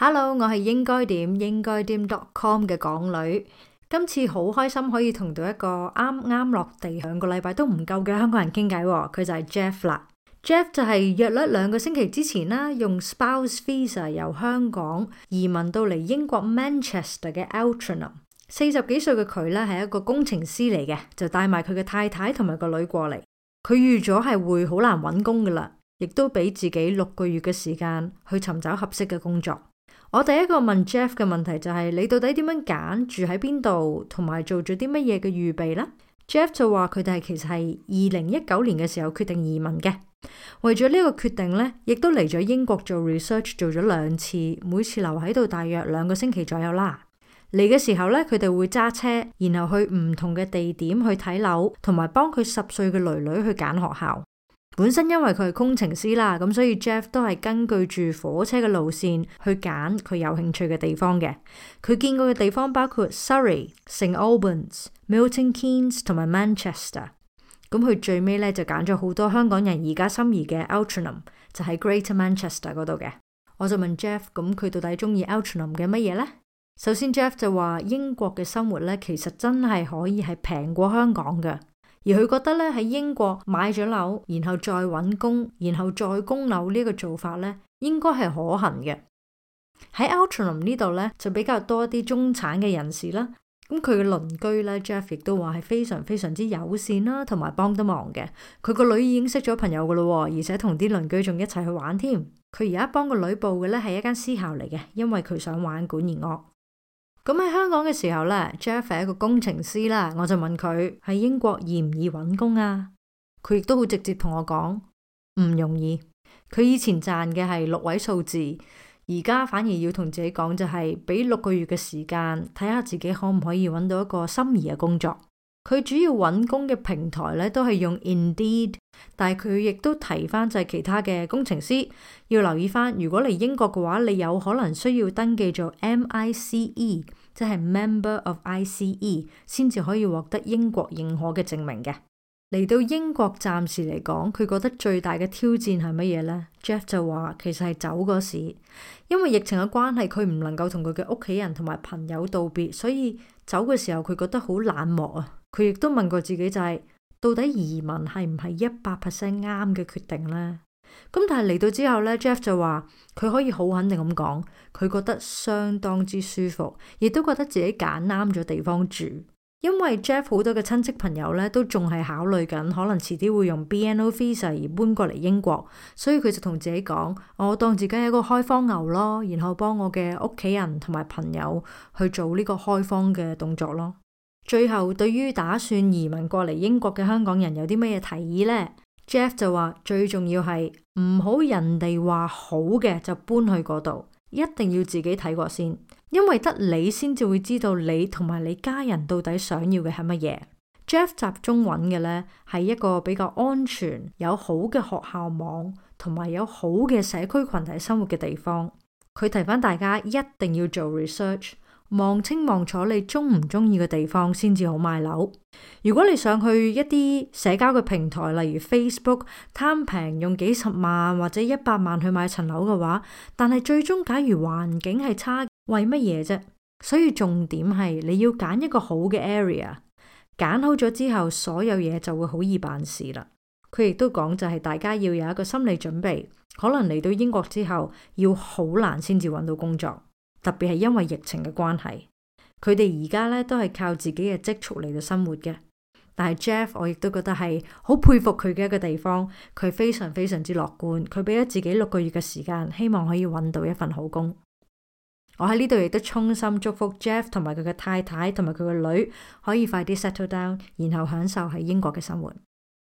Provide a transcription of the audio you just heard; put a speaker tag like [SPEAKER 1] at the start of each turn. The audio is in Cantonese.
[SPEAKER 1] Hello，我係應該點應該點 dotcom 嘅港女，今次好開心可以同到一個啱啱落地兩個禮拜都唔夠嘅香港人傾偈，啊，佢就係 Jeff 啦。Jeff 就係約咗兩個星期之前啦，啊，用 spouse visa 由香港移民到嚟英國 Manchester 嘅 Altrincham。四十幾歲嘅佢咧係一個工程師嚟嘅,就帶埋佢嘅太太同埋個女過嚟。佢預咗係會好難搵工噶啦，亦都俾自己六個月嘅時間去尋找合適嘅工作。我第一個問 Jeff 嘅問題就係，「你到底點樣揀住喺邊度，同埋做咗啲乜嘢嘅預備呢？」Jeff 就話佢哋其實係二零一九年嘅時候決定移民嘅，為咗呢個決定咧，亦都嚟咗英國做 research，做咗兩次，每次留喺度大約兩個星期左右啦。嚟嘅時候咧，佢哋會揸車，然後去唔同嘅地點去睇樓，同埋幫佢十歲嘅女女去揀學校。本身因為佢係工程師啦，咁所以 Jeff 都係根據住火車嘅路線去揀佢有興趣嘅地方嘅。佢見過嘅地方包括 Surrey、St Albans、Milton Keynes 同埋 Manchester。咁佢最尾咧就揀咗好多香港人而家心儀嘅 Altrincham，就喺 Greater Manchester 嗰度嘅。我就問 Jeff 咁佢到底中意 Altrincham 嘅乜嘢呢？」首先 Jeff 就話英國嘅生活咧其實真係可以係平過香港嘅。而佢覺得咧喺英國買咗樓，然後再揾工，然後再供樓呢一個做法咧，應該係可行嘅。喺 Outram、um、呢度咧就比較多啲中產嘅人士啦。咁佢嘅鄰居咧 Jeff 亦都話係非常非常之友善啦，同埋幫得忙嘅。佢個女已經識咗朋友噶啦，而且同啲鄰居仲一齊去玩添。佢而家幫個女報嘅咧係一間私校嚟嘅，因為佢想玩管弦樂。咁喺香港嘅時候咧，Jeff 係一個工程師啦，我就問佢喺英國易唔易揾工啊？佢亦都好直接同我講唔容易。佢以前賺嘅係六位數字，而家反而要同自己講就係、是、畀六個月嘅時間，睇下自己可唔可以揾到一個心儀嘅工作。佢主要揾工嘅平台咧，都係用 Indeed，但係佢亦都提翻就係其他嘅工程師要留意翻。如果嚟英國嘅話，你有可能需要登記做 MICE，即係 Member of ICE，先至可以獲得英國認可嘅證明嘅。嚟到英國暫時嚟講，佢覺得最大嘅挑戰係乜嘢呢？Jeff 就話，其實係走嗰時，因為疫情嘅關係，佢唔能夠同佢嘅屋企人同埋朋友道別，所以走嘅時候佢覺得好冷漠啊。佢亦都問過自己，就是，就係到底移民係唔係一百 percent 啱嘅決定呢？咁但係嚟到之後呢 j e f f 就話佢可以好肯定咁講，佢覺得相當之舒服，亦都覺得自己揀啱咗地方住。因為 Jeff 好多嘅親戚朋友呢，都仲係考慮緊，可能遲啲會用 BNO visa 而搬過嚟英國，所以佢就同自己講：我當自己係一個開荒牛咯，然後幫我嘅屋企人同埋朋友去做呢個開荒嘅動作咯。最後，對於打算移民過嚟英國嘅香港人有啲乜嘢提議呢？Jeff 就話最重要係唔好人哋話好嘅就搬去嗰度，一定要自己睇過先，因為得你先至會知道你同埋你家人到底想要嘅係乜嘢。Jeff 集中揾嘅呢係一個比較安全、有好嘅學校網同埋有好嘅社區群體生活嘅地方。佢提翻大家一定要做 research。望清望楚，你中唔中意嘅地方先至好買樓。如果你上去一啲社交嘅平台，例如 Facebook，貪平用幾十萬或者一百萬去買層樓嘅話，但係最終假如環境係差，為乜嘢啫？所以重點係你要揀一個好嘅 area，揀好咗之後，所有嘢就會好易辦事啦。佢亦都講就係大家要有一個心理準備，可能嚟到英國之後要好難先至揾到工作。特別係因為疫情嘅關係，佢哋而家咧，都係靠自己嘅積蓄嚟到生活嘅。但係 Jeff，我亦都覺得係好佩服佢嘅一個地方，佢非常非常之樂觀，佢俾咗自己六個月嘅時間，希望可以搵到一份好工。我喺呢度亦都衷心祝福 Jeff 同埋佢嘅太太同埋佢嘅女可以快啲 settle down，然後享受喺英國嘅生活。